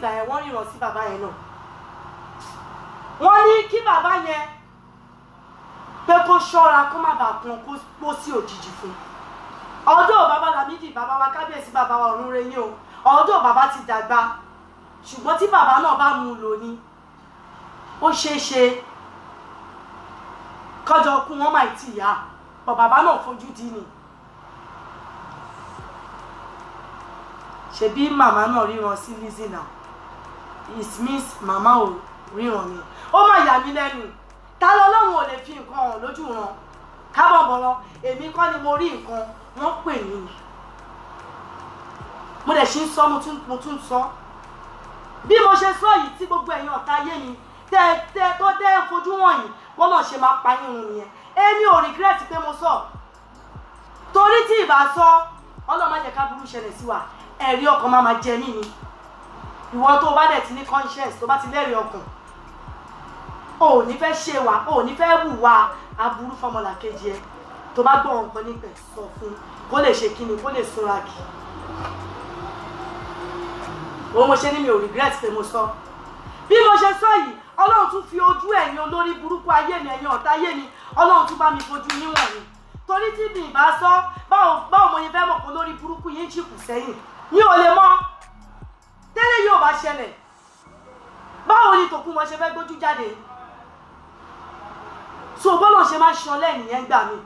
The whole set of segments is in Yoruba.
ìgbà yẹn wọ́n ríran sí bàbá yẹn náà wọ́n ní kí bàbá yẹn pé kó ṣọ́ra kó má bàa pọn kó pósí òjijì fún ọdọ bàbá Lámídì bàbá wa kábíyèsí bàbá wa ọ̀run rẹ yín o ọdọ bàbá ti dàgbà ṣùgbọ́n tí bàbá náà bá mú un lò ní ó ṣeé ṣe kọjọ kú wọn máa ti yá ọ bàbá náà fojú di ni ṣebí màmá náà ríran sí Lizzie náà. Is means màmá ò ríran ni ó mà yà mí lẹ́nu ta lọ́lọ́run ò lè fi nǹkan hàn lójú wọn kábọ̀ bọ̀rọ̀ èmi kọ́ ni mo rí nǹkan wọ́n pè mí ni mo dẹ̀ ṣe ń sọ mo tún sọ bí mo ṣe sọ yìí tí gbogbo ẹ̀yin ọ̀tá yé mi tẹ́ẹ̀tẹ́ tó dé fojú wọ̀nyí wọ́n náà ṣe máa pa irun nìyẹn èmi ò rìgírẹ́tì pé mo sọ torí tí ìbá sọ ọlọ́mọ jẹ́ ká burú ṣẹlẹ̀ sí wa ẹ̀rí ọkàn máa jẹ mí ni ìwọ tó o bá dẹ̀ ti ní conscience tó o bá ti lẹ́rìí ọkàn o ò ní fẹ́ ṣe wà o ò ní fẹ́ hùwà aburú fọmọlà kejì ẹ tó bá gbọ́ nǹkan nípẹ̀ sọ fún kó lè ṣe kíni kó lè súnra kì òun mo ṣe ní mi ò regret pé mo sọ bí mo ṣe sọ yìí ọlọ́run tún fi ojú ẹ̀yin olórí burúkú ayé mi ẹ̀yin ọ̀tá ayé mi ọlọ́run tún bá mi fojú níwọ̀n ni torí tí mi ì bá sọ báwo mo yẹ fẹ́ mọ̀ pé olórí burúkú yìí ń ṣìkù sẹ́yìn mi ò lè mọ̀ tẹ́lẹ̀ yóò bá ṣẹlẹ̀ báwo ni tòkun wọn ṣe fẹ́ gbójú jáde so bọ́lọ̀ ṣe máa ṣan lẹ́nìyẹn gbà mí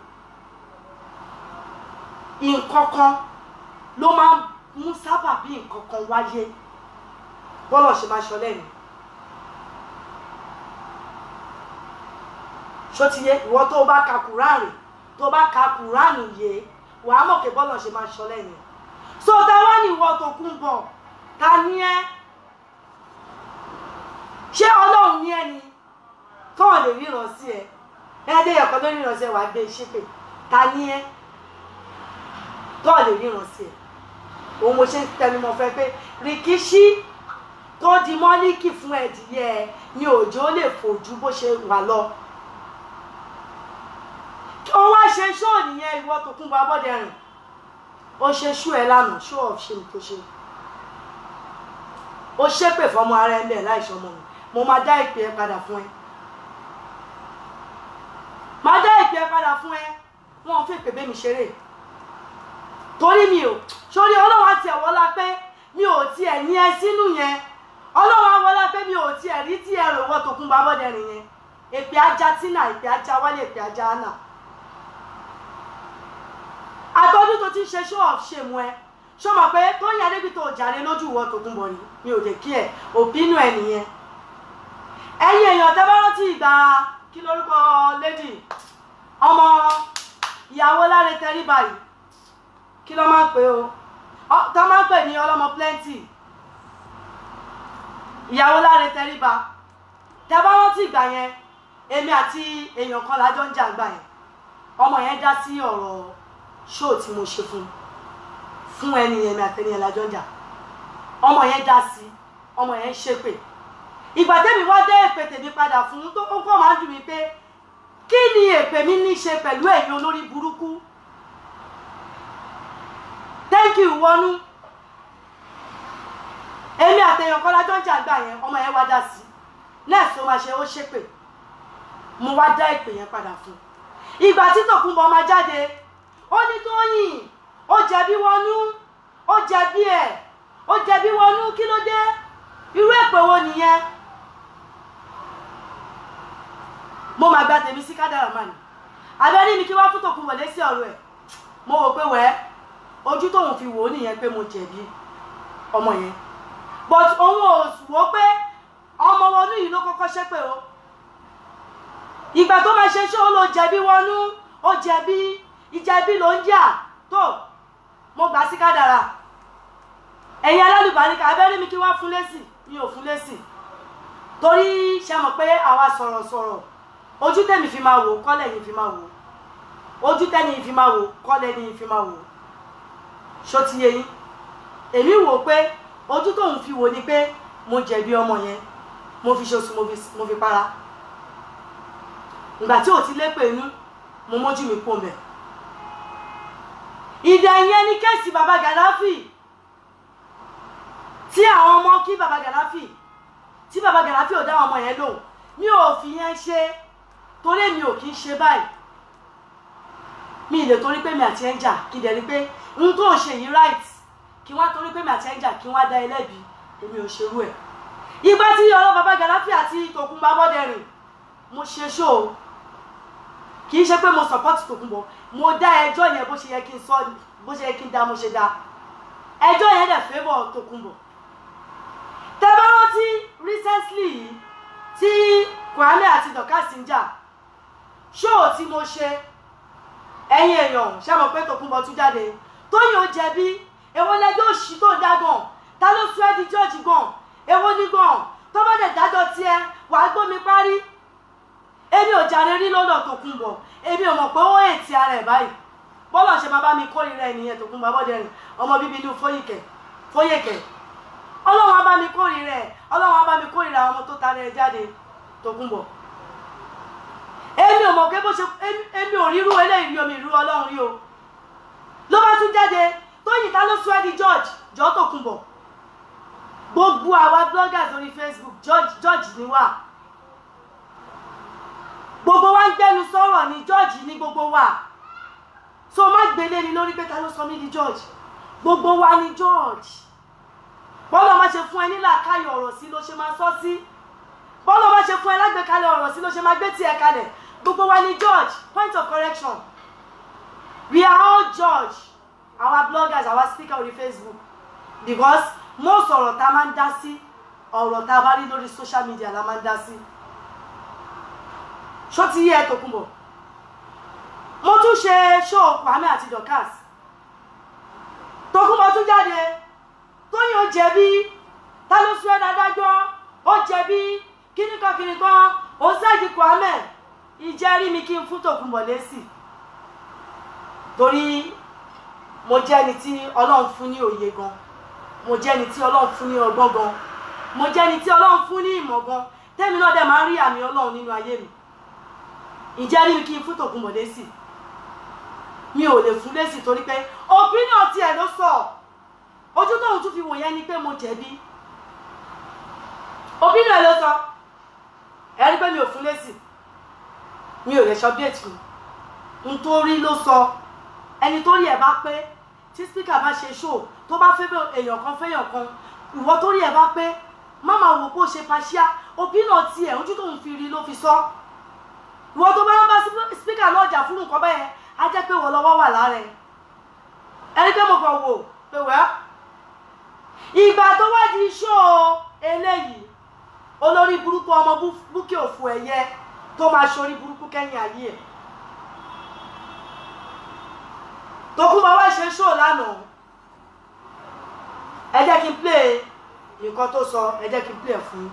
nǹkankan ló máa ń mú sábà bí nǹkankan wáyé bọ́lọ̀ ṣe máa ṣan lẹ́nìí ṣótiyé ìwọ tó bá ka kùránì tó bá ka kùránì yé wàá mọ̀ pé bọ́lọ̀ ṣe máa ṣan lẹ́nìí so táwa ni ìwọ tó kún bọ̀ ta ní ẹ́ ṣé ọlọ́run ní ẹni tó lè ríran sí ẹ ẹdẹ ẹ̀kọ́ tó ríran sí ẹ wàá gbé e ṣépè ta ní ẹ́ tó lè ríran sí ẹ òun mo ṣe ń tẹnumọ́ fẹ́ pé rìkíṣí tó di mọ́líkì fún ẹ̀dìyẹ ni òjò lè fojú bó ṣe wà lọ ó wá ṣe ṣóò ìwọ tó kún bọ abọ́dẹ rìn ó ṣe ṣú ẹ lánàá ṣó ọ̀f ṣe ní tó ṣe ní ó ṣépè fọmọ ara ẹ ń bẹ láìsọmọ mo máa dá ìpè ẹ padà fún ẹ máa dá ìpè ẹ padà fún ẹ wọn ò fi ìpè bẹ́ẹ̀ mi ṣeré torí mi ò sórí ọlọ́wọ́ àti ẹ̀wọ́ la pé mi ò tiẹ̀ ní ẹ sínú yẹn ọlọ́wọ́ àwọlá pé mi ò tiẹ̀ rí tí ẹ rò wọ́n tó kún bá bọ́dẹ̀rìn yẹn èpè ajá tínà èpè ajá wálé èpè ajá hànà àtọ́jú tó ti ń show off shame, mu ẹ ṣó mọ̀ pé tóyìn adébítò jàre lójú ìwọ tògúnbọ̀ ni mi ò lè kí ẹ̀ òbínú ẹ̀ nìyẹn ẹ̀yin èèyàn tẹ́ bá rántí ìgbà kí lórúkọ lady ọmọ ìyàwó Láre Tẹríba yìí kí ló máa ń pè ó tó máa ń pè ní ọlọ́mọ plenty ìyàwó Láre Tẹríba tẹ́ bá rántí ìgbà yẹn èmi àti èèyàn kan lájọ ń jà gbà yẹn ọmọ yẹn dá sí ọ̀rọ̀ ṣóò tí mo ṣe fún un fún ẹni yẹn mi lájọ ń ọmọ yẹn já sí ọmọ yẹn ṣépè ìgbà tẹ́mi wá dé èpè tèmi padà fún tó ń máa ń dùn mí pé kí ni èpè mi ní ṣe pẹ̀lú ẹ̀yin olórí burúkú thank you wọnú èmi àtẹ̀yàn kọ́ lájọ́ ń jà gbà yẹn ọmọ yẹn wá dá sí nẹ́ẹ̀sì ó máa ṣe ó ṣépè mo wá dá èpè yẹn padà fún ìgbà tí Tòkunbọ̀ máa jáde ó ní Tóyìn ó jẹ̀bi wọnú ó jẹ̀bi ẹ̀ ó jẹ̀bi wọnú kí ló dé irú èpè wo nìyẹn mo máa gba tèmi sí kádàrà máa ní abẹ́rẹ́ mi kí wá fún tòkun wọlé sí ọ̀rọ̀ ẹ̀ mo wò pé wẹ́ẹ́ ojú tóun fi wò ó nìyẹn pé mo jẹ̀bi ọmọ yẹn but òun ò wò ó pé ọmọ wọnú yìí ló kọ́kọ́ ṣépè o ìgbà tó máa ṣe ṣé ó lọ jẹ̀bi wọnú ó jẹ̀bi ìjẹ̀bi ló ń jà tó mo gbà sí kádàrà ẹ̀yin alálùbáríkà abẹ́rẹ́ mi kí wá fún lésì mi ò fún lésì torí ṣe mọ̀ pé àwa sọ̀rọ̀sọ̀rọ̀ ojú tẹ̀mí fi máa wò kọ́lẹ̀ yìí fi máa wò ojú tẹ̀yìn fi máa wò kọ́lẹ̀ yìí fi máa wò ṣó ti yé yín èmi wò pé ojú tóun fi wò ni pé mo jẹ̀bi ọmọ yẹn mo fi ṣoṣù mo fi para ìgbà tí ò ti lépè inú mo mójú mi kú ọmọ ìdá yẹn ní kẹ́sì baba Gaddafi tí àwọn ọmọ kí baba Gaddafi tí baba Gaddafi ò dá àwọn ọmọ yẹn lò mi ò fi yẹn ṣe torí mi ò kí ń ṣe báyìí mi ì lè torí pé mi àti ẹ̀ ń jà kí dẹ̀ ni pé n tó ṣe yìí right kí wọ́n torí pé mi àti ẹ̀ ń jà kí wọ́n dá ẹlẹ́bi èmi ò ṣerú ẹ̀ ìgbà tí ọlọ́ baba Gaddafi àti Tòkunbọ̀ Abọ́dẹrìn mo ṣe ṣó kì í ṣe pé mo support Tòkunbọ̀ mo dá ẹjọ́ yẹn bó ṣe yẹ kí n sọ bó ṣe yẹ kí n dá mo ṣe dá ẹjọ́ yẹn dẹ̀ fẹ́bọ̀ Tòkunbọ̀ tẹ́ bá rántí recently yìí tí Kúránì àti dọ̀kásì ń jà ṣóò tí mo ṣe ẹ̀yin èèyàn ṣe mọ̀ pé Tòkunbọ̀ tún jáde tóyìn ó jẹ̀bi èwo lẹjọ́ òṣì tó dágbọ̀n ta ló sọ ẹ́ di jọ́ọ̀jì gan èwo ni gan tó bá dẹ̀ dájọ́ tiẹ̀ wàá gbómi parí èmi ò jàre rí lọ́dọ̀ Tòkunbọ̀ èmi ò mọ̀ pé ó hẹ̀ ti ara ẹ̀ báyìí bọ́lá ṣe máa bá mi kórìíra ènìyàn Tòkunbọ̀ Abọ́dẹrìn ọmọ bíbí inú Fóyèkẹ́ Fóyèkẹ́ ọlọ́run á bá mi kórìíra ẹ̀ ọlọ́run á bá mi kórìíra àwọn ọmọ tó ta rẹ̀ jáde Tòkunbọ̀ èmi ò mọ̀ pé bó ṣe èmi ò rírú eléyìí rí omi ìrú ọlọ́run rí o ló bá tún jáde Tóyìn ta ló sọ ẹ́ di George jọ́ Tòkunbọ̀ gbogbo àwa bloggers orí Facebook George George ni wà gbogbo wa ń gbẹnu sọ̀rọ̀ ní george ní gbogbo wa so má gbélé ni lórí pé ta ló sọ mí ní george gbogbo wa ní george bọ́lá má ṣe fún ẹ nílà káyọ̀ ọ̀rọ̀ sí ló ṣe máa sọ sí bọ́lá má ṣe fún ẹ lágbèkalẹ̀ ọ̀rọ̀ sí ló ṣe máa gbé tiẹ̀ kalẹ̀ gbogbo wa ní george point of correction we are all george our bloggers our speaker on facebook because most ọ̀rọ̀ tá a máa ń dá sí ọ̀rọ̀ tá bá rí lórí social media la máa ń dá sí ṣó ti yẹ tòkunbọ̀ mo tún ṣe ṣó Kwame àti Dorcas tòkunbọ̀ tún jáde tóyìn ó jẹ̀bi ta ló sún ẹni adájọ́ ó jẹ̀bi kíníkan kíníkan ó ṣẹ́ẹ̀dì Kwame ìjẹ́rìí mi kí n fún tòkunbọ̀ lésì torí mo jẹ́ ẹni tí ọlọ́run fún ní òye gan mo jẹ́ ẹni tí ọlọ́run fún ní ọgbọ́n gan mo jẹ́ ẹni tí ọlọ́run fún ní ìmọ̀ gan tẹ́mi náà dẹ̀ máa ń rí àmì ọlọ́run nínú ayé mi ìjẹ́ níbi kí n fún tògùn mọ̀lẹ́ sí mi ò lè fún lẹ́sì torí pé opinion tiẹ̀ ló sọ ojú tóun tún fi wò yẹn ni pé mo jẹ̀bi opinion ló sọ ẹ̀rí pé mi ò fún lẹ́sì mi ò lè sọ bíẹ̀tì fún nítorí ló sọ ẹni tó rí ẹ̀ bá pé tí spíkà bá ṣe ṣó tó bá fẹ́ èèyàn kan fẹ́yàn kan ìwọ tó rí ẹ̀ bá pé má máa wò pé ṣe paṣíà opinion tiẹ̀ ojú tóun fi rí ló fi sọ. So wọ́n tó bá bá spíkà lọ́jà fún nǹkan bẹ́ẹ̀ á jẹ́ pé wọ́n lọ́wọ́ wà lára ẹ̀ ẹni pé mo kàn wò pé wẹ́ ìgbà tó wá di iṣó eléyìí olórí burúkú ọmọ búkẹ́ òfu ẹ̀yẹ tó máa ṣorí burúkú kẹ́yìn ayé ẹ̀ tó kú máa wá ṣe ṣó lánàá ẹ jẹ́ kí n play nǹkan tó sọ ẹ jẹ́ kí n play ẹ̀ fún yín.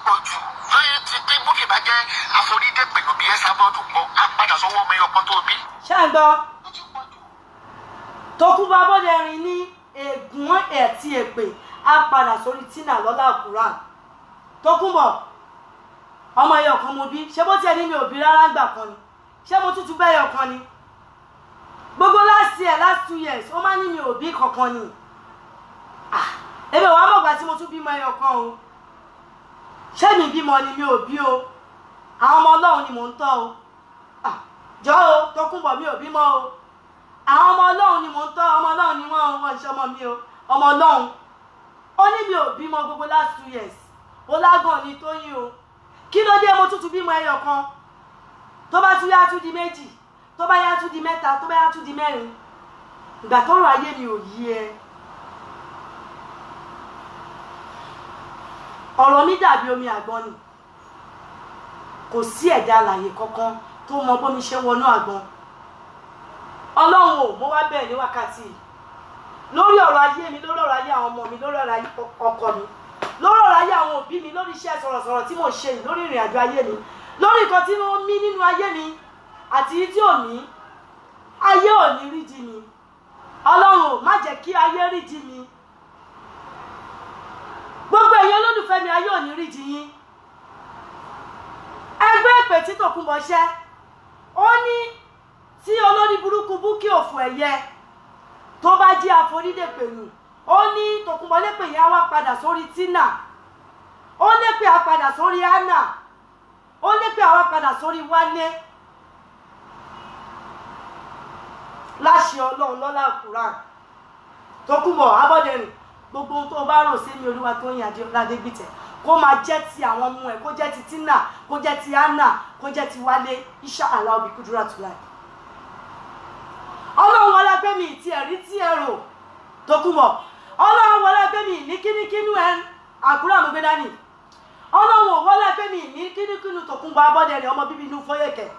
jẹ́ àforídé pẹ̀lú bí ẹ sábọ́ọ̀dù gbọ́ á padà sọ́wọ́ ọmọ ẹyọkọ tó bí. ṣàgbọ́ tókù bá bọ́dẹ̀ rìn ní ègún ẹ̀tí èpè á padà sórí tínà lọ́lá àkúrà tókù bọ̀ ọmọ ẹyọkọ mo bí ṣé bó tiẹ̀ ní mi ò bí rárá gbà kan ni ṣé mo tútù bẹ́ẹ̀ yọkan ni gbogbo last year last two years ó máa ní mi ò bí kankan ni ah, èmi ò wá mọ̀gbà tí mo tún bímọ ẹyọkan o ṣé mi bímọ ni mi ò bí o àwọn ọmọ ọlọ́run ni mò ń tọ́ o ah, jọ́ o tọkùnbọ̀ mi ò bímọ o àwọn ọmọ ọlọ́run ni mò ń tọ́ ọmọ ọlọ́run ni wọ́n wọ́n ṣe ọmọ mi o ọmọ ọlọ́run ó ní mi ò bímọ gbogbo last two years ó lágàn ni tó yín o kí ló dé mo tútù bímọ ẹyọ kan tó bá tún yá tún di méjì tó bá yá tún di mẹ́ta tó bá yá tún di mẹ́rin ìgbà tó rọ ayé mi ò yí ẹ ọ̀rọ̀ mi dàbí omi àgbọn ni kò sí ẹ̀dá alàyè kankan tó mọ bómi ṣe wọnú àgbọn ọlọ́run ò mo wá bẹ̀rẹ̀ ní wákàtí lórí ọ̀rọ̀ ayé mi lórí ọ̀rọ̀ ayé àwọn ọmọ mi lórí ọ̀rọ̀ ayé ọkọ mi lórí ọ̀rọ̀ ayé àwọn òbí mi lórí iṣẹ́ sọ̀rọ̀sọ̀rọ̀ tí mo ń ṣe yìí lórí ìrìn àjò ayé mi lórí nǹkan tí wọ́n mí nínú ayé mi àti tí ò ní ayé ò ní rí di mi ọlọ́run má jẹ́ kí ayé rí di mi gbogbo ẹ̀yin olólùfẹ́ mi ayé ò ní rí di yín ẹgbẹ́ ìpè tí Tòkunbọ̀ ṣe ó ní tí olórí burúkú Búkì òfò ẹ̀yẹ tó bá jí àforídèpènù ó ní Tòkunbọ̀ lépè yẹn á wá padà sórí Tina ó lépè á padà sórí Anna ó lépè á wá padà sórí Wálé láṣẹ Ọlọ́run lọ́lá Kùránì Tòkunbọ̀ Abọ́dẹrìn gbogbo ohun tó bá rò sí mi olúwa tó yàn adé ọlá dé gbìtẹ̀ kó máa jẹ́ ti àwọn ọmọ ẹ̀ kó jẹ́ ti Tina kó jẹ́ ti Anna kó jẹ́ ti Wálé iṣẹ́ aláwọ̀ bí kúdúrà tó láì. ọlọ́run wọlé mi ti ẹ̀rí tí ẹ rò tó kú mọ̀ ọlọ́run wọlé mi ní kínníkínú ẹ àkúrà mú gbé dání ọlọ́run wọlé pé mi ní kínníkínú tó kún bá abọ́dẹ rẹ̀ ọmọ bíbí inú fọ́yẹ̀kẹ̀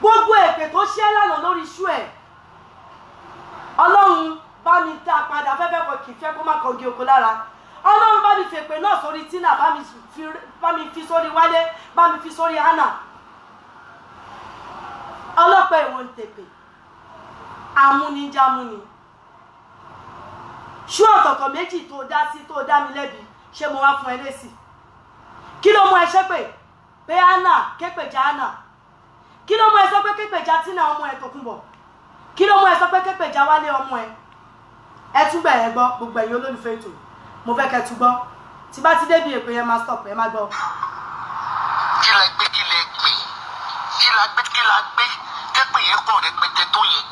gbogbo èpè tó ṣẹ́ lánàá lórí iṣu ẹ̀ ọlọ́run bá mi tá a padà fẹ́fẹ́ kọ kì í fẹ́ kó má kọgi oko lára ọlọ́run bá mi fèpè náà sórí tina bá mi fi sórí wálé bá mi fi sórí hànà ọlọ́pàá ìwọ̀n tèpè amúnijámúni ṣú ọ̀tọ̀ọ̀tọ̀ méjì tó dá sí tó dá mi lẹ́bi ṣé mo wá fún ẹ lésì kí ló mú ẹ ṣépè pé hànà képèjà hànà kí ló mú ẹ sọ pé képèjà tina ọmọ ẹ Tòkunbọ̀ kí ló mú ẹ sọ pé képèjà wálé ọmọ ẹ ẹ tún bẹ̀rẹ̀ gbọ́ gbogbo ẹ̀yin olólùfẹ́ ètò mo fẹ́ kẹ́ túbọ̀ tí bá ti débi èpè yẹn máa stop ẹ má gbọ́. kí la gbé kí la gbé kí la gbé kí la gbé tẹ́pẹ̀ yẹn pọ̀ rẹpẹtẹ tó yẹn.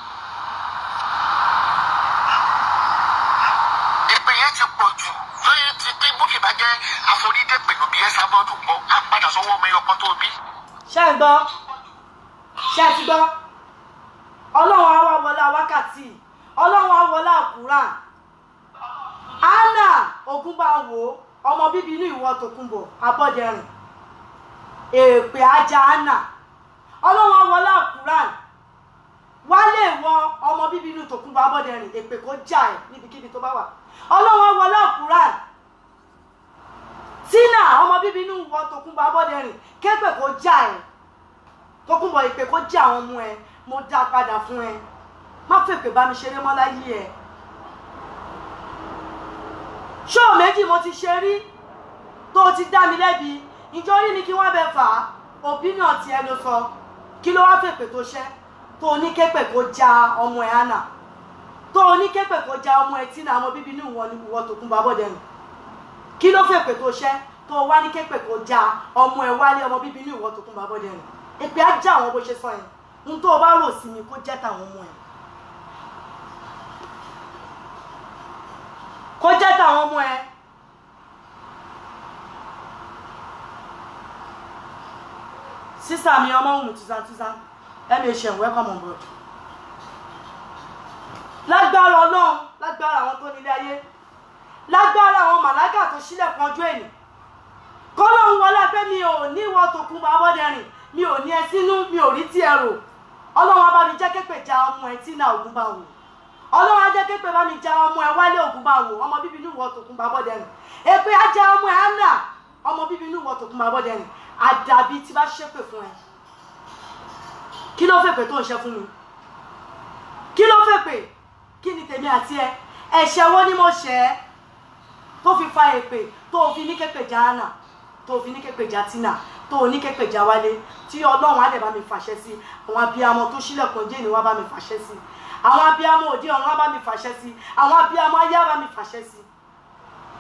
èpè yẹn ti pọ̀ jù lóyún ti dé bókè bá jẹ́ àforídẹ́pẹ̀ lòbí ẹ̀ sábọ́ọ̀dù gbọ́ á padà sọ́wọ́ mi ọkọ tó bí. ṣé ẹ gbọ́ ṣé ẹ ti gbọ́ ọlọ́run á wá wọlé wákàtí ọlọ́run á wọlé àkúrà. Anna Ògúnbàwò ọmọ bíbí inú ìwọ tòkunbọ̀ abọ́dẹrùn èèpẹ̀ ajá anna ọlọ́wọ́n wọlé àkùrán wálé ìwọ ọmọ bíbí inú tòkunbọ̀ abọ́dẹrùn èèpẹ̀ kò já ẹ̀ níbikíbi tó bá wà wọlé àkùrán tina ọmọ bíbí inú ìwọ tòkunbọ̀ abọ́dẹrùn képè kò já ẹ̀ tòkunbọ̀ èèpẹ̀ kò já àwọn ọmọ ẹ mo dá padà fún ẹ má fèpè bá mi ṣeré mọ́ láyé ṣóò méjì mo ti ṣe rí tó o ti dá mi lẹ́bi ìjọ orí mi kí wọ́n bẹ fà á opinion ti ẹ ló sọ kí ló wá fèpè tó ṣẹ́ tó ní képè kó ja ọmọ ẹ̀ hànà tó ní képè kó ja ọmọ ẹ̀ tí náà ọmọ bíbí inú wọn ni wọ́n tó kún bá bọ́dẹ̀ nù kí ló fèpè tó ṣẹ́ tó o wá ní képè kó ja ọmọ ẹ̀ wálé ọmọ bíbí inú ìwọ́n tó kún bá nù èpè á já àwọn bó ṣe sọ yẹn ohun tó o bá rò sí mi kó jẹ́ tàwọn ọmọ yẹn kó jẹ́ tàwọn ọmọ ẹ. sísá mi ọmọ òun tìsan tìsan ẹ̀mí ẹ̀ṣẹ̀ welcome on board. lágbára ọlọ́run lágbára àwọn tó nílé ayé lágbára àwọn màláìkà tó ṣílẹ̀kùn ọjọ́ ènì kọ́lọ́hún wọlé pé mi ò ní ìwọ tó kún bá bọ́dẹ̀rìn mi ò ní ẹ sínú mi ò rí tí ẹ rò ọlọ́run abáni jẹ́ képe ja ọmọ ẹ tí náà ògùn bá wò ọlọ́run á jẹ́ képe bá mi ja ọmọ ẹ wálé ògùn bá wò ọmọ bíbí inú ìwọ tòkun bá bọ́dẹ̀ rìn èpè á ja ọmọ ẹ ńlá ọmọ bíbí inú ìwọ tòkun bá bọ́dẹ̀ rìn àdàbí tí bá ṣépè fún ẹ kí ló fèpè tó ń ṣe fún mi kí ló fèpè kí ni tèmi àti ẹ ẹ̀ṣẹ̀ wo ni mo ṣẹ̀ ẹ́ tó fi fa èpè tó fi ní képe ja hànà tó fi ní képe já tínà tó ní képe já wálé tí ọlọ́run á dẹ̀ bá mi fàṣẹ sí àwọn abiyamọ tó ṣílẹ̀kùn jẹ́ ìníwá bá mi fàṣẹ sí àwọn abiyamọ òde ọ̀run á bá mi fàṣẹ sí àwọn abiyamọ ayé á bá mi fàṣẹ sí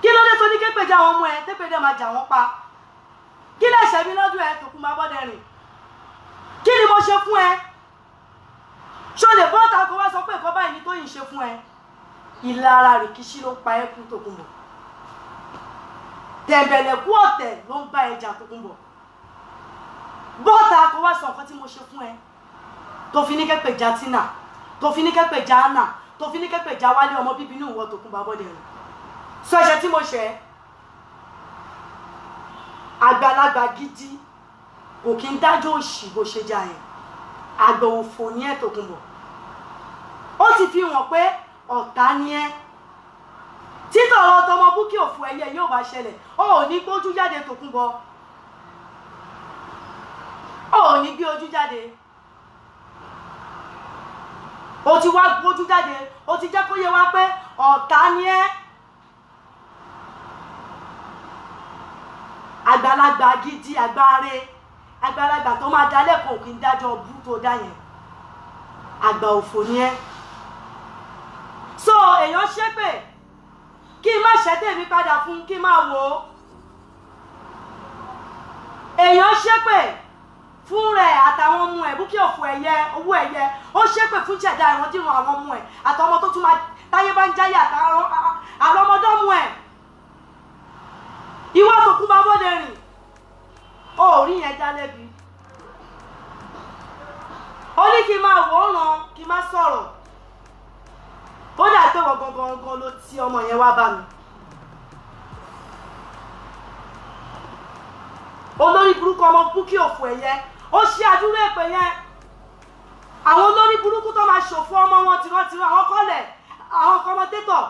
kí ló dé tó ní képèjẹ àwọn ọmọ ẹ tépèjẹ máa jà wọ́n pa kí lè ṣẹ̀mí lọ́dún ẹ tòkun máa bọ́dẹ rìn kí ni mo ṣe fún ẹ ṣó lè bọ́ ta kó wá sọ pé nǹkan báyìí ni Tóyìn ṣe fún ẹ ìlara rìkíṣí ló ń pa ẹ kú Tòkunbọ̀ tẹ̀m̀bẹ̀lẹ̀kú ọ̀tẹ̀ ló ń bá ẹ jà Tòkunbọ̀ bọ́ta kó wá sọ nǹkan tí mo ṣe fún ẹ tó fi ní kẹ́pẹ̀ já tínà tó fi ní kẹ́pẹ̀ já ànà tó fi ní kẹ́pẹ̀ já wálé ọmọ bíbí inú ìwọ tòkun bá bọ́dẹ̀ rẹ̀ sọ ẹ̀ṣẹ̀ tí mo ṣẹ̀ àgbàlagbà gidi kò kí ń dájọ́ òṣì bó ṣe jà yẹn àgbà òfò ní ẹ̀ tòkun bọ̀ ó ti fi hàn pé ọ̀tá ni ẹ́ títọ̀ ọ̀rọ̀ tọmọ búkì òfò ẹ̀yẹ yóò bá ṣẹlẹ̀ ó ò ní gbójú jáde tòkun bọ̀ ó ò ní gbé ojú jáde o ti wá gbójú jáde o ti jẹ́ kó yẹ wá pé ni ẹ́ àgbàlagbà gidi àgbáre àgbàlagbà tó máa dá lẹ́kọ̀ọ́ kì í dájọ́ bú tó dá yẹn àgbà òfò ni ẹ́ so èèyàn ṣépè kí n má ṣẹ́tẹ̀ mi padà fún kí n èèyàn ṣépè. fún rẹ̀ àtàwọn ọmọ ẹ̀ búkí ọ̀fọ̀ ẹ̀yẹ owó ẹ̀yẹ ó o fún ìṣẹ̀dá ìrandíran àwọn ọmọ ẹ̀ àtọmọ tó tún máa táyé bá ń jáyé àtàwọn ọmọdọ́mọ ẹ̀ ìwọ àtòkùn bá bọ́dẹ rìn ó rí yẹn ó ní kí n máa kí n ti ọmọ yẹn wá bá mi. olórí burúkú ọmọ búkí òfò ó ṣe àdúrà èpè yẹn àwọn olórí burúkú tó máa ṣòfò ọmọ wọn tìrantìran àwọn kọ́lẹ̀ àwọn kọ́mọtétọ̀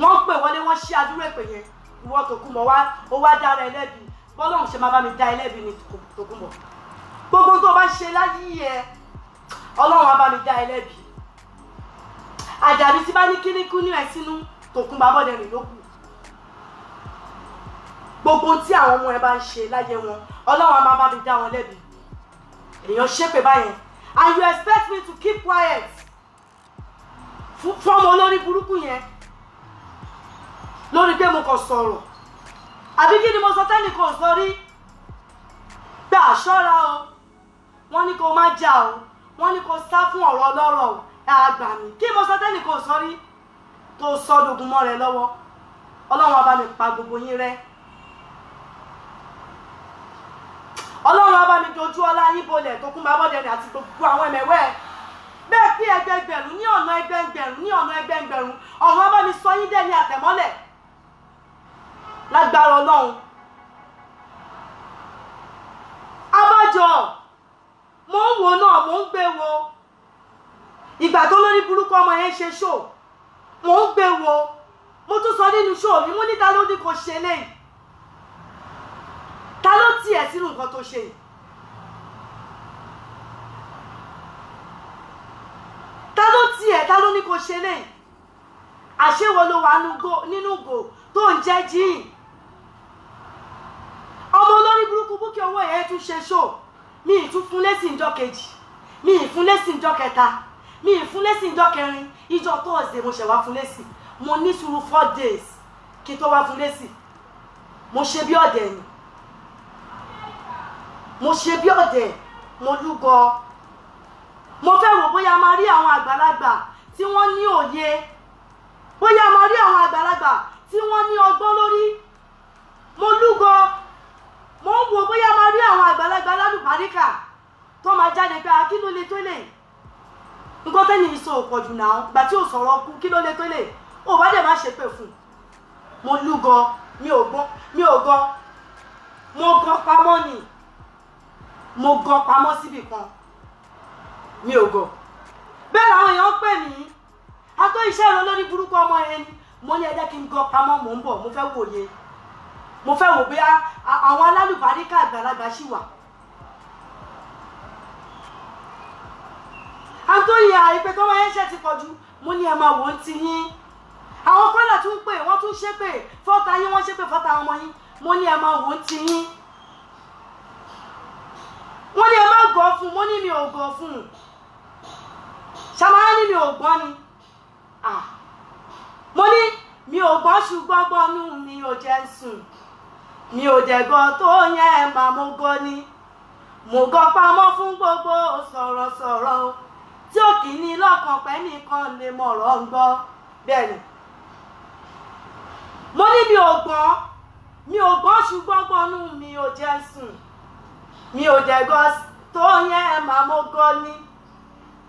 wọ́n pè wọlé wọ́n ṣe àdúrà èpè yẹn ìwọ tòkunbọ̀ wá ó wá dára ẹlẹ́bi bọ́lọ́hùn ṣe máa bá mi dá ẹlẹ́bi ní tòkunbọ̀ gbogbo tó bá ṣe láyé ẹ ọlọ́run á bá mi dá ẹlẹ́bi àjàbí tí bá ní kíníkú ní ẹ̀ sínú tòkunbọ̀ abọ́dẹ̀rìn ló kù gbogbo tí àwọn ọmọ ẹ bá ń ṣe láyé wọn ọlọ́run á bá mi dá wọn lẹ́bi èèyàn ṣépè báyẹn and you expect me to keep quiet fọ́mọ olórí burúkú yẹn lórí pé mo kàn sọ̀rọ̀ àbí kí ni mo sọ tẹ́nìkan sọ rí gbà ṣọ́ra o wọ́n ní kó má jà o wọ́n ní kó sá fún ọ̀rọ̀ ọlọ́rọ̀ o àgbà mi kí mo sọ tẹ́nìkan sọ rí tó sọ dogun mọ́ rẹ lọ́wọ́ ọlọ́run á bá mi pa gbogbo yín rẹ́. ọlọ́run abánidojú ọlá yín bolẹ̀ tó kún babọ́dẹ̀rẹ̀ àti gbogbo àwọn ẹ̀mẹ̀wẹ́ ẹ̀ bẹ́ẹ̀ pín ẹgbẹgbẹ̀rún ní ọ̀nà ẹgbẹgbẹ̀rún ní ọ̀nà ẹgbẹgbẹ̀rún ọ̀run abánisọ yín dẹ̀ ní àtẹ̀mọ́lẹ̀ lágbára ọlọ́run abájọ mò ń wo náà mò ń gbé wo ìgbà tó lórí burúkú ọmọ yẹn ṣe ṣó mò ń gbé wo mo tún sọ nínú ṣó mi mo níta lóde kò ṣe léyìí ta ló tiẹ̀ sínú nǹkan tó ṣe yìí. ta ló tiẹ̀ ta ló ní kó ṣe léyìí àṣewọ ló wà nínú gò tó ń jẹ́ jíìn ọmọ olórí burúkú búkẹ́ owó yẹn tún ṣe ṣó mi ì tún fún lẹ́sìn ìjọ kejì mi ì fún lẹ́sìn ìjọ kẹta mi ì fún lẹ́sìn ìjọ kẹrin ìjọ tọ́ọ̀sì mo ṣẹ̀ wá fún lẹ́sìn mo ní sùúrù four days kí n tó wá fún lẹ́sìn mo ṣe bí ọ̀dẹ̀ ni mo ṣe bí ọ̀dẹ̀ mo lúgọ mo fẹ́ wò bóyá máa rí àwọn àgbàlagbà tí wọ́n ní òye bóyá máa rí àwọn àgbàlagbà tí wọ́n ní ọgbọ́n lórí mo lúgọ mo ń wò bóyá máa rí àwọn àgbàlagbà lálùbáríkà tó máa jáde pé kí ló lè tó lè nǹkan tẹ́ni ìsọ òpọ̀jù náà gbà tí ò sọ̀rọ̀ kú kí ló lè tó lè ò bá dẹ̀ má ṣe pé fún mo lúgọ mi ò gbọ́n mi ò gan mo gan pamọ́ ni mo gan pamọ́ síbì kan mi ò gọ̀ bẹ́ẹ̀ làwọn èèyàn pè mí agbó iṣẹ́ ìrọ̀ lórí burúkú ọmọ yẹn ni mo ní ẹjẹ́ kí n gan pamọ́ mò ń bọ̀ mo fẹ́ wòye mo fẹ́ wò bí àwọn alálùbáríkà àgbàlagbà ṣì wà. àtúnyẹ àìpé tó wáyé ṣe ti pọ̀jù mo ní ẹ máa wò ó ti yín àwọn kọ́là tún pè wọ́n tún ṣépè fọ́ta yín wọ́n ṣépè fọ́ta ọmọ yín mo ní ẹ máa wò ó ti yín. gọ̀ fún mo ní mi ò gọ̀ fún un ṣàmáyé ní mi ò gbọ́n ni mo ní mi ò gbọ́n ṣùgbọ́n gbọ́nú mi ò jẹ́ sùn mi ò dẹ̀gọ́ tó yẹn mà mo gọ́ ni mo gọ́ pamọ́ fún gbogbo sọ̀rọ̀sọ̀rọ̀ tí ò kì í ní lọ́kàn pẹ́ nìkan lè mọ̀rọ̀ ń gbọ́ bẹ́ẹ̀ ni mo ní mi ò gbọ́n mi ò gbọ́n ṣùgbọ́n gbọ́nú mi ò jẹ́ sùn mi ò dẹ̀gọ́ tó yẹn mà mo gọ ni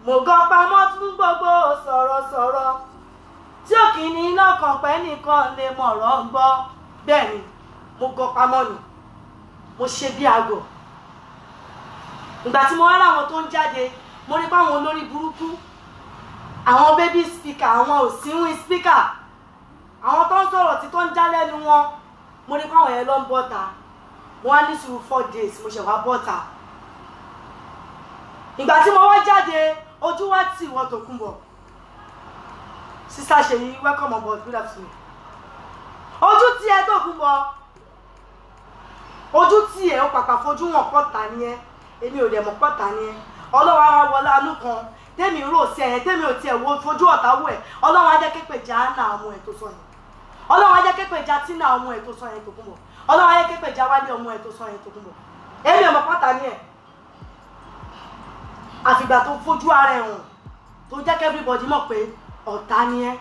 mo gọ pamọ́ fún gbogbo sọ̀rọ̀sọ̀rọ̀ tí ò kì í ní lọ́kàn pẹ́ nìkan lè mọ̀rọ̀ gbọ́ bẹ́ẹ̀ ni mo gọ pamọ́ ni mo ṣe bí aago ìgbà tí mo wá láwọn tó ń jáde mo rí pé àwọn olórí burúkú àwọn baby speaker àwọn òsínwìn speaker àwọn tó ń sọ̀rọ̀ tí tó ń já lẹ́nu wọn mo rí pa àwọn yẹn ló ń bọ́ta mo wá ní sùúrù four days mo ṣẹ̀ wá bọ́ta. ìgbà tí mo wá jáde ojú wa tì wọ́n Tòkunbọ̀ sísá ṣèyí welcome on board good afternoon ojú tí ẹ Tòkunbọ̀ ojú tí ẹ ó pàpà fojú wọn pọ́ta ni ẹ èmi ò dẹ̀ mọ̀ pọ́ta ni ẹ ọlọ́wọ́ wọlé anú kan tẹ́mi rò sí ẹ̀yẹn tẹ́mi ò tiẹ̀ wo fojú ọ̀tá wò ẹ̀ ọlọ́wọ́ ajẹ́kẹ́pẹ̀ já ná ọmọ ẹ̀ tó sọ yẹn ọlọ́wọ́ ajẹ́kẹ́pẹ̀ já tí ná ọmọ ẹ̀ tó sọ yẹn Tòkunbọ̀ ọlọ́wọ́ ajẹ́kẹ́pẹ̀ já wálé ọmọ ẹ̀ tó sọ yẹn Tòkunbọ̀ èmi ò mọ̀ pọ́ta ni ẹ̀ àfìgbà tó fojú ara ẹ̀ hàn tó jẹ́ kẹ́bíbọ̀dì mọ̀ pé ọ̀tá ni ẹ́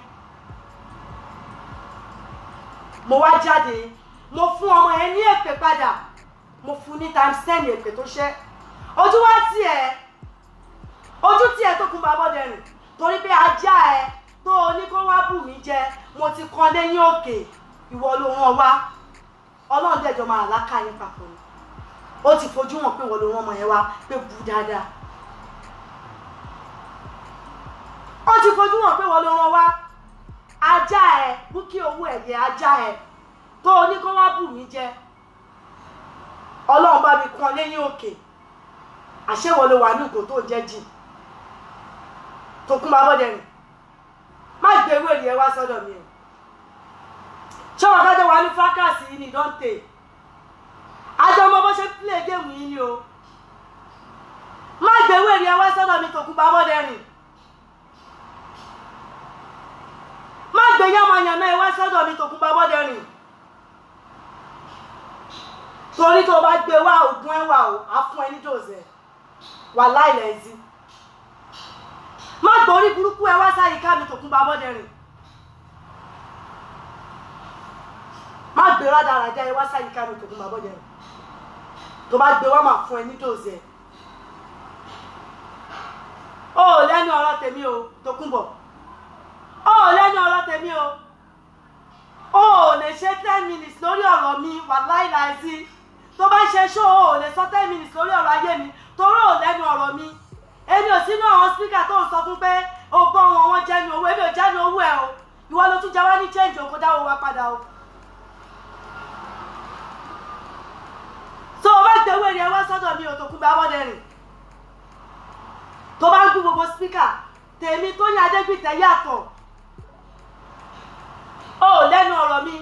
mo wá jáde mo fún ọmọ ẹ ní èpè padà mo fún ní times ten èpè tó ṣẹ́ ojú wá tiẹ̀ ojú tiẹ̀ tó kún Babọ́dẹrìn torí pé ajá ẹ tó o ní kó wá bù mí jẹ mo ti kan lẹ́yìn òkè ìwọ ló rán wá ọlọ́run dẹ̀jọ́ máa lákàáyé papọ̀ ni ó ti fojú hàn pé ìwọ ló rán ọmọ yẹn wá pé bù dáadáa ó ti fojú hàn pé ló rán wá ajá ẹ búkí owó ẹ̀yẹ ajá ẹ tó ní kó wá bù mí jẹ ọlọ́run bá mi kún ọ òkè wà ní tó jẹ́ jì tó kún bá bọ́dẹ̀ má gbé ewé wá o kájọ wà ní fákàsì yìí ọmọ bó má gbé yánmọ̀yánmọ́ ẹ wá sọ́dọ̀ mi tòkun bá bọ́dẹ rìn torí tó bá gbé wá ògùn ẹ wà ó á fún ẹ ní dòzẹ wà láìlẹ̀ ẹ̀zí má gbórí burúkú ẹ wá sáyíká mi tòkun bá bọ́dẹ rìn má gbé rádaràdá ẹ wá sáyíká mi tòkun bá bọ́dẹ rìn tó bá gbé wá máa fún ẹ ní dòzẹ o lẹ́nu ọ̀rọ̀ tèmi o tòkun bọ̀ ó lẹ́nu ọ̀rọ̀ tèmi o ó lè ṣe ten minutes lórí ọ̀rọ̀ mi wà láìláì sí tó bá ṣe ṣó ó lè sọ ten minutes lórí ọ̀rọ̀ ayé mi torí ó lẹ́nu ọ̀rọ̀ mi èmi ò sínú àwọn spíkà tó ń sọ fún pé o bọ́ wọn wọn jẹ́nu owó èmi ò jẹ́nu owó ẹ̀ o ìwọ ló tún jẹ wá ní change òkú dáwọ́ wa padà o. tó o bá gbé owó èrè wá sọ́dọ̀ mi ò tó kú bá wọ́n dẹ̀rìn tó bá ń gbú gbogbo spíkà tèmi tó ní adégbìtẹ́ yàtọ̀ o ò lẹ́nu ọ̀rọ̀ mi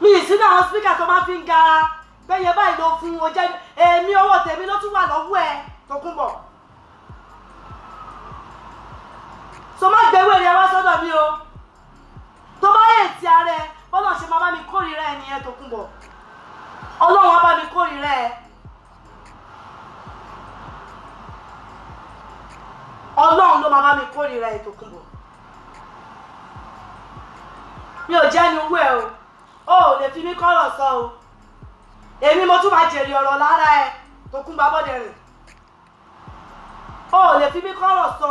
mi ì sínú àwọn spíkà tó máa fi ń gara bẹ́yẹ báyìí ló fún o jẹ́ èmi owó tèmi ló tún wà lọ́wọ́ ẹ Tòkunbọ̀ so má gbéwé rẹ wá sọ́dọ̀ mi o tó bá yẹ ti ara ẹ bọ́lá ṣe máa bá mi kórìíra ẹ nìyẹn Tòkunbọ̀ ọlọ́run á bá mi kórìíra ẹ. ọlọ́run ló máa bá mi kórìíra ètò kúrò mi ò jẹ́ ni owó ẹ o o ò lè fi mí kọ́rọ̀ sọ o èmi mo tún máa jèrè ọ̀rọ̀ lára ẹ tó kún babọ́dẹ rìn o ò lè fi mí kọ́rọ̀ sọ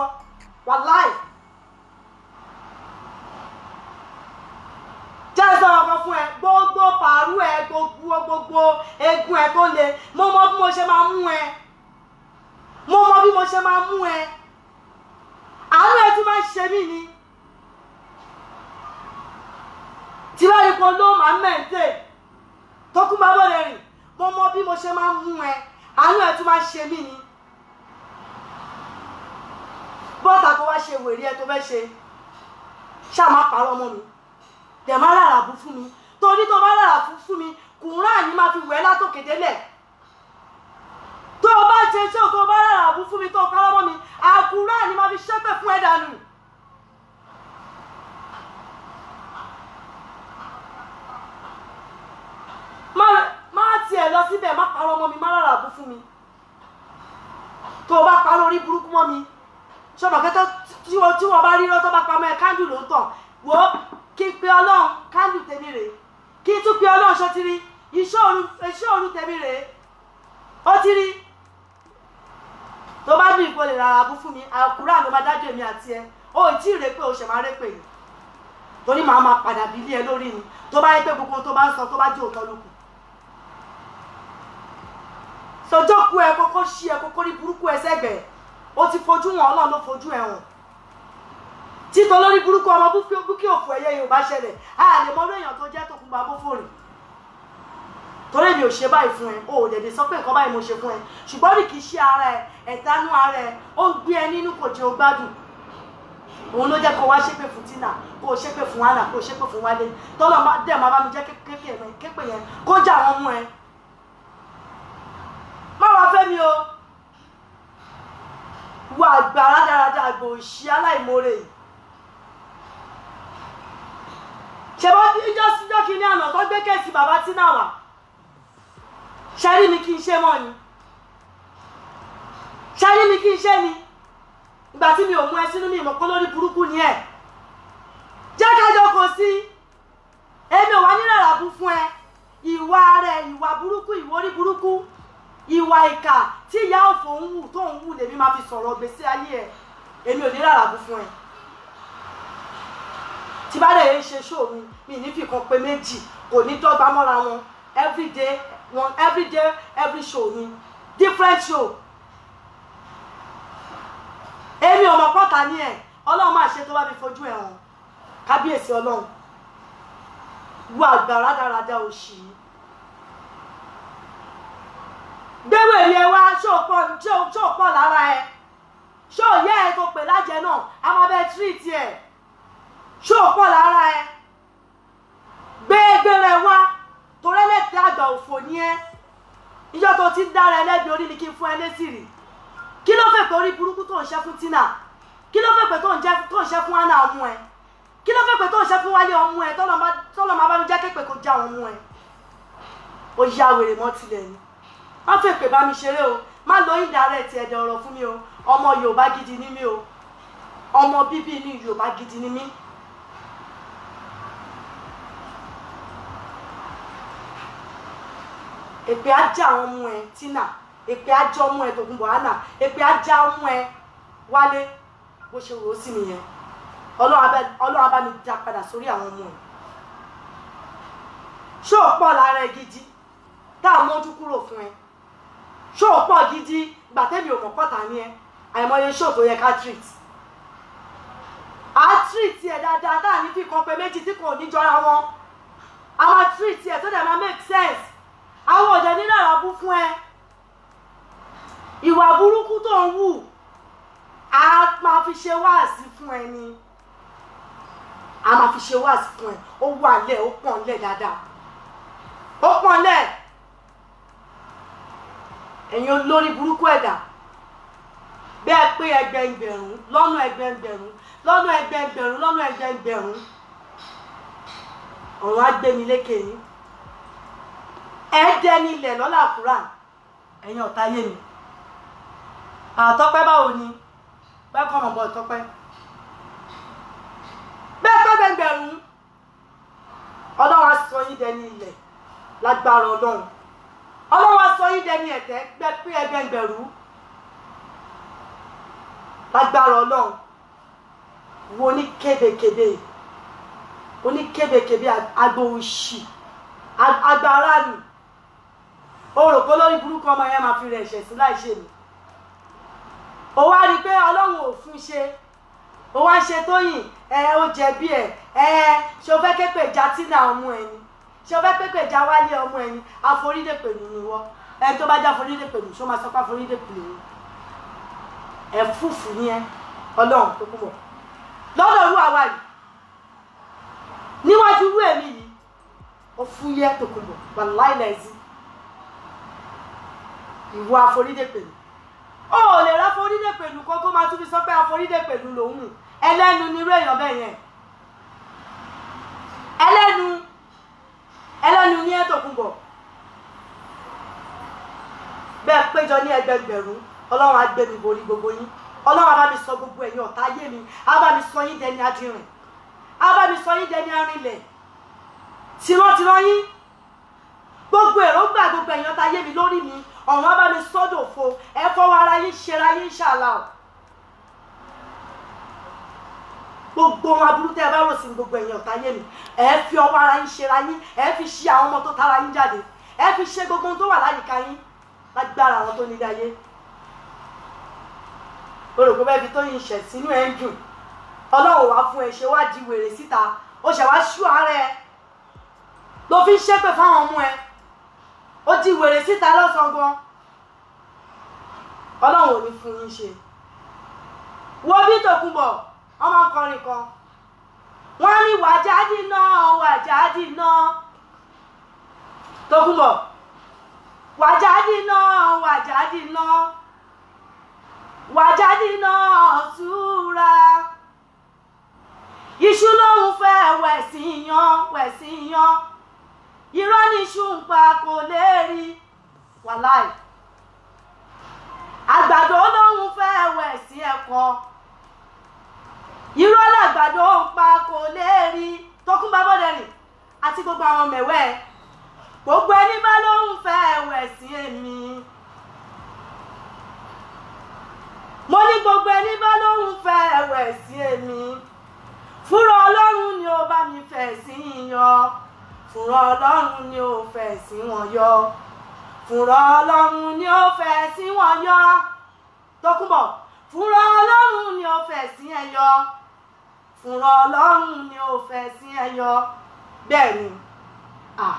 wàláì jẹ́ sọ̀rọ̀ kan fún ẹ gbogbo pàrú ẹ gbogbo gbogbo egun ẹ tó le mo mọ bí mo ṣe máa mú ẹ mo mọ bí mo ṣe máa mú ẹ àánú ẹ tún máa ń ṣe mí ni. irọ́ ipò ló máa mẹ́ǹtẹ̀ tó kún bá bọ̀rẹ̀ rìn mo mọ bí mo ṣe máa ń mú ẹ àánú ẹ tún máa ń ṣe mí ni bọ́ọ̀tà kó wá ṣe wèrè ẹ tó fẹ́ ṣe ṣáà má parọ́ mọ́ mi dẹ̀ má rárá bú fún mi torí tó bá rárá bú fún mi kùnrán ni máa fi wẹ̀ látòkè délẹ̀ tó o bá ṣe ṣé o tó bá rárá bú fún mi tó o parọ́ mọ́ mi àkùnrán ni máa fi ṣépè fún ẹ dànù. orí burúkú mọ́ mi ṣọmọ kẹtọ tí wọn tí bá rí lọ́tọ́ bá pamọ́ ẹ káńdù ló ń tàn kí n pe ọlọ́run káńdù tèmi rèé kí n tún pe ọlọ́run ṣọtiri iṣẹ́ òru tèmi rèé ó ti rí tó bá dùn ìpolè rárá bú fún mi àkúrà ló máa dájú èmi àti ẹ ó tí ì rè pé o ṣẹ̀ máa rè pè ní torí màá máa padà bí ilé ẹ lórí ni tó bá yẹ pé gbogbo tó bá ń sọ tó bá jẹ́ òótọ́ ló kù sọjọ́ ku ẹ kókó ṣí ẹ kókó rí burúkú ẹ sẹ́gbẹ̀ẹ́ o ti fojú wọn ọlọ́run ló fojú ẹ̀ hàn títọ́ lórí burúkú ọmọ búkí òfò ẹ̀yẹ yorùbá ṣẹlẹ̀ a lè mọ lóyàn tó jẹ́ tó kún bá bófòrè torí mi ò ṣe báyìí fún ẹ o ò dẹ̀dẹ̀ sọ pé nǹkan báyìí mo ṣe fún ẹ ṣùgbọ́n rí kì í ṣe ara ẹ ẹ̀dánú ara ẹ ó ń gbé ẹ nínú kò jẹ́ o gbádùn òun ló jẹ́ kó wá ṣépè fún tina kó ṣépè fún hana kó ṣépè fún wálé tọ́lọ̀ dẹ̀ máa bá mi jẹ́ képe yẹn kó já àwọn ọmọ ẹ má wàá fẹ́ mi o àgbàrá dáradá àgbò òṣì aláìmoore yìí ṣe bá bí ijó síjó kìíní àná tó gbé kẹ́sì bàbá tí náà wà ṣe rí mi kí n ṣe mọ́ ni ṣe rí mi kí n ṣe ni ìgbà tí mi ò mú ẹ sínú mi ìmọ̀ pé lórí burúkú ni ẹ jẹ́ kájọ kò sí èmi ò wá nílẹ̀ ràbú fún ẹ ìwà rẹ ìwà burúkú ìwà burúkú ìwà ìkà tí ìyá ọ̀fọ̀ ń wù tó ń wù lèmi máa fi sọ̀rọ̀ gbèsè ayé ẹ̀ èmi ò ní rárá bú fún ẹ tí bá dẹ̀ yẹn ṣe ṣó mi mi ní fi kan pé méjì kò ní dọ́gba mọ́ra wọn everyday wọn everyday every show mi different show èmi ọmọ pọ́ta ní ẹ̀ ọlọ́run máa ṣe tó bá mi fojú ẹ̀ hàn kábíyèsí ọlọ́run wo àgbà rádaràda òṣì yìí gbéwò èyí ẹ wá ṣó pọ̀ lára ẹ ṣó yẹ ẹ tó pè lájẹ náà a máa bẹ tírìtì ẹ ṣó pọ̀ lára ẹ gbégbé rẹ wá torí ẹlẹ́tẹ̀ àgbà òfò ní ẹ ìjọ tó ti ń dára ẹlẹ́bi orí ni kí n fún ẹ létí rì kí ló fẹ́ pé orí burúkú tó ń ṣe fún tina kí ló fẹ́ pé tó ń ṣe fún anna ọmú ẹ kí ló fẹ́ pé tó ń ṣe fún wálé ọmú ẹ tọ́lọ́ máa bá mi jẹ́ képe kó já ọmú ẹ ó yá wèrè mọ́ tilẹ̀ ni. ma fẹ́ pè bá mi ṣeré o má lọ indirect ẹ̀dẹ̀ ọ̀rọ̀ fún mi o ọmọ Yorùbá gidi ni o ọmọ bíbí inú Yorùbá gidi ni mí. èpè ajá ẹ Tina èpè ajá ọmọ ẹ tògùn bọ̀hánà èpè ajá ọmọ ẹ Wálé bó ṣe wò ó ọlọ́run abá mi dá padà sórí àwọn ọmọ ẹ pọ̀ fún ẹ. ṣóò pọ̀ gidi ìgbà tẹ́mi ò mọ̀ pọ̀tà ni ẹ àìmọye ṣóò tó yẹ ká treat a treat ẹ dáadáa tá à ní fi kan pé méjì tí kò ní jọra wọn a máa treat ẹ tó dẹ̀ máa make sense àwọn òde nínú ọ̀rọ̀ bú fún ẹ ìwà burúkú tó ń wù á máa fi ṣe wáàsí fún ẹ ni a máa fi ṣe wáàsí fún ẹ ó wà lẹ̀ ó pọ̀n lẹ̀ dáadáa ó pọ̀n lẹ̀ ẹ̀yin olórí burúkú ẹ̀dá bẹ́ẹ̀ pé ẹgbẹ̀ngbẹ̀rún lọ́nà ẹgbẹ̀ngbẹ̀rún lọ́nà ẹgbẹ̀ngbẹ̀rún lọ́nà ẹgbẹ̀ngbẹ̀rún ọ̀run á gbé mi lékè yín ẹ dẹni ilẹ̀ lọ́là àkúrà ẹ̀yin ọ̀tá yé mi àtọ́pẹ́ báwo ni bẹ́ẹ̀ kọ́ mọ̀ bọ́ ìtọ́pẹ́ bẹ́ẹ̀ pé ẹgbẹ̀ngbẹ̀rún ọlọ́run á sọ yín dẹni ilẹ̀ lágbára ọlọ́run ọlọ́wọ́ sọ yín dẹni ẹ̀tẹ́ gbẹ pé ẹgbẹ̀gbẹ̀rú lágbára ọlọ́run wo ní kébékébé wo ní kébékébé agbóhùnsì agbára nù orò kó lórí burúkú ọmọ yẹn máa fi rẹ̀ ṣẹ̀ sí láì ṣe mi ó wá rí i pé ọlọ́run ò fún ṣe ó wá ṣe tóyìn ẹ ó jẹ̀bi ẹ ẹ ṣe ó fẹ́ képe jatínà ọmú ẹni ṣé o fẹ́ pé pèjà wálé ọmọ ẹni àforídèpè nù ni wọ́ ẹni tó bá jẹ́ àforídèpè nù ṣó máa sọ pé àforídèpè nù ẹ̀ fúfú ni ẹ ọlọ́run tó kúbọ̀ lọ́dọ̀ rú àwa yìí níwájú rú èmi yìí ó fúyẹ́ tó kúbọ̀ wàláì lẹ́sìn ìwọ àforídèpè nù ó lè rá àforídèpè nù kó tó máa tún fi sọ pé àforídèpè nù lòun ẹlẹ́nu nírú èèyàn bẹ́ẹ̀ yẹn ẹlẹ́nu ẹlẹ́nu ní ẹ̀tòkùnbọ̀ bẹ́ẹ̀ péjọ ní ẹgbẹgbẹ̀rún ọlọ́run á gbé mi borí gbogbo yín ọlọ́run á bá mi sọ gbogbo ẹ̀yin ọ̀tá ayé mi á bá mi sọ yín dẹni adìrìn á bá mi sọ yín dẹni arinlẹ̀ tìrántìrán yín gbogbo èròǹgbà gbogbo ẹ̀yin ọ̀tá ayé mi lórí mi ọ̀run á mi sọ́dọ̀ fo ẹ fọwọ́ ara yín ṣera yín ṣàlàó. gbogbo wọn aburú tẹ́ ẹ bá rò sí gbogbo ẹ̀yìn ọ̀tá yé mi ẹ fi ọwọ́ ara yín ṣera yín ẹ fi ṣe àwọn ọmọ tó tara yín jáde ẹ fi ṣe gbogbo ohun tó wà láyìíká yín lágbára àwọn tó nílé ayé olùkọ́ bẹ́ẹ̀ fi tó yin ṣẹ̀ sínú ẹ̀ ń dùn ọlọ́run wá fún ẹ ṣe wá di wèrè síta ó ṣẹ̀ wá ṣú ara ẹ ló fi ń ṣépè fáwọn ọmọ ẹ ó di wèrè síta lọ́sàn ọlọ́run ò ní fún yín ṣe wọ́n bí tòkùnbọ̀ ọmọ kọrin kan wọ́n ní wàjáde náà wàjáde náà tókùnbọ̀ wàjáde náà wàjáde náà wàjáde náà túra iṣu lòun fẹ́ wẹ̀sì yan wẹ̀sì yan irọ́ ní iṣu ń pa kò lè rí wàláì àgbàdo lòun fẹ́ wẹ̀sì ẹ̀kọ́ irọ́ làgbàdo ń pa kò lè rí tókùn bá bọ́dẹ̀ rìn àti gbogbo àwọn mẹ̀wẹ́ ẹ̀ gbogbo ẹni bá ló ń fẹ́ ẹ̀wẹ̀ sí èmi. mo ní gbogbo ẹni bá ló ń fẹ́ ẹ̀wẹ̀ sí èmi fúnra ọlọ́run ni ó bá mi fẹ̀ sí yọ fúnra ọlọ́run ni ó fẹ̀ sí wọn yọ fúnra ọlọ́run ni ó fẹ̀ sí wọn yọ tó kúbọ̀ fúnra ọlọ́run ni ó fẹ̀ sí ẹ yọ ìran ọlọ́run ni ò fẹ́ sí ẹyọ bẹ́ẹ̀ ni ah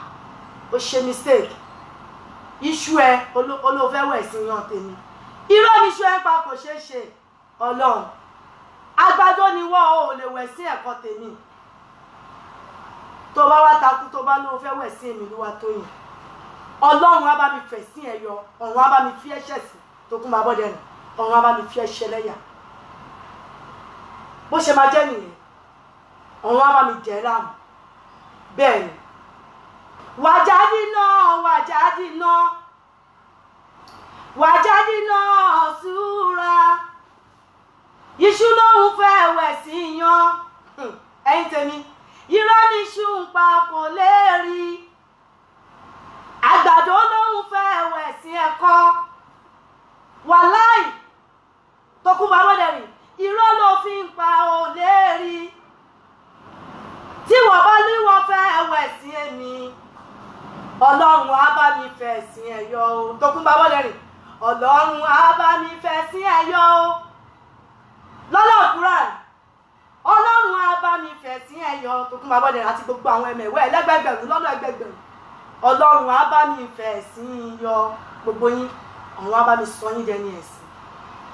ó ṣe mistake iṣu ẹ olófẹ́wẹ̀ sí yan tèmi irọ́ ni iṣu ẹ pa kò ṣeé ṣe ọlọ́run agbájọ́ ni wọ́n ò lè wẹ̀ sí ẹ̀kọ́ tèmi tó bá wá takú tó bá lóun fẹ́ wẹ̀ sí èmi ló wá tó yìn ọlọ́run á bá mi fẹ̀ sí ẹ̀yọ ọ̀run á bá mi fi ẹ̀ṣẹ̀ sí tó kún máa bọ́ dẹnu ọ̀run á bá mi fi ẹ̀ṣẹ̀ lẹ́yà bó ṣe máa jẹ́ nìyẹn ọ̀run á bá mi jẹ́ láàmú bẹ́ẹ̀ ni wàjáde náà wàjáde náà wàjáde náà ṣúra iṣu lòun fẹ́ wẹ̀ sí yan hmm, ẹ̀yin tèmi irọ́ ní iṣu ń pa kò lè rí àgbàdo lòun fẹ́ wẹ̀ sí ẹ̀kọ́ wàláì tó kú rìn irọ́ ló fi ń pa ò léèrí tí wọ́n bá ní wọ́n fẹ́ ẹ̀wẹ̀ sí èmi ọlọ́run á bá mi fẹ̀ sí ẹ̀yọ́ o tó kún bá wọlé rìn ọlọ́run á bá mi fẹ̀ sí ẹ̀yọ́ o lọ́lọ́kùnrin ọlọ́run á bá mi fẹ̀ sí ẹ̀yọ́ tó kún bá wọlé rìn àti gbogbo àwọn ẹ̀mẹ̀wẹ̀ ẹlẹ́gbẹ̀gbẹ̀rún lọ́nà ẹgbẹ̀gbẹ̀rún ọlọ́run á bá mi fẹ̀ sí yọ gbogbo yín ọ̀run á bá mi sọ yín dẹni ẹ̀sìn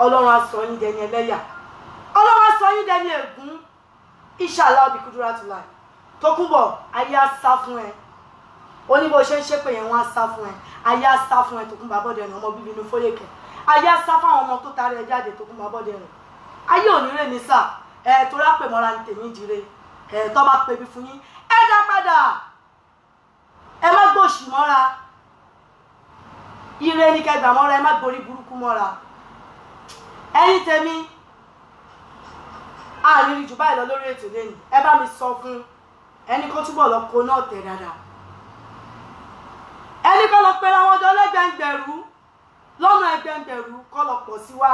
ọlọ́run á sọ yín dẹni ẹlẹ́yà sọ yín dẹni ègún inshallah bí kúdúrà tó láì tó kún bọ̀ ayé á sá fún ẹ ó ní bó ṣe ń ṣépè yẹn wọn á sá fún ẹ ayé á sá fún ẹ tó kún bá bọ́dẹ̀ rẹ̀ ọmọ bíbí inú fólèkẹ́ ayé á fún àwọn ọmọ tó tarẹ̀ jáde tó kún bá bọ́dẹ̀ ayé ò ní sà ẹ tó rápè mọ́ra ní tèmi jire ẹ tó bá pebi fún yín ẹ dá padà ẹ má gbòòṣì mọ́ra ire ní kẹgbà mọ́ra ẹ má gborí burúkú mọ́ra ẹyin tèmi àárín jù báyìí lọ lórí ètò lẹ́nu ẹ bá mi sọ fún ẹni kó túbọ̀ lọ kó náà tẹ̀ dáadáa ẹni kọ́ lọ pera wọn jọ lẹ́gbẹ̀ẹ́gbẹ̀rú lọ́nà ẹgbẹ̀ẹ́gbẹ̀rú kọ́ lọ pọ̀ sí wa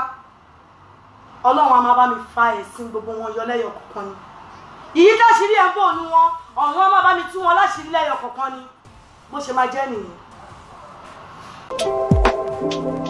ọlọ́run a máa bá mi fa ẹ̀sìn gbogbo wọn yọ lẹ́yọ kọ̀ọ̀kan ni ìyí dáṣírí ẹ̀ ń bò nu wọn ọ̀run a máa bá mi tú wọn láṣírí lẹ́yọ kọ̀ọ̀kan ni bó ṣe máa jẹ́ nìyẹn. thank you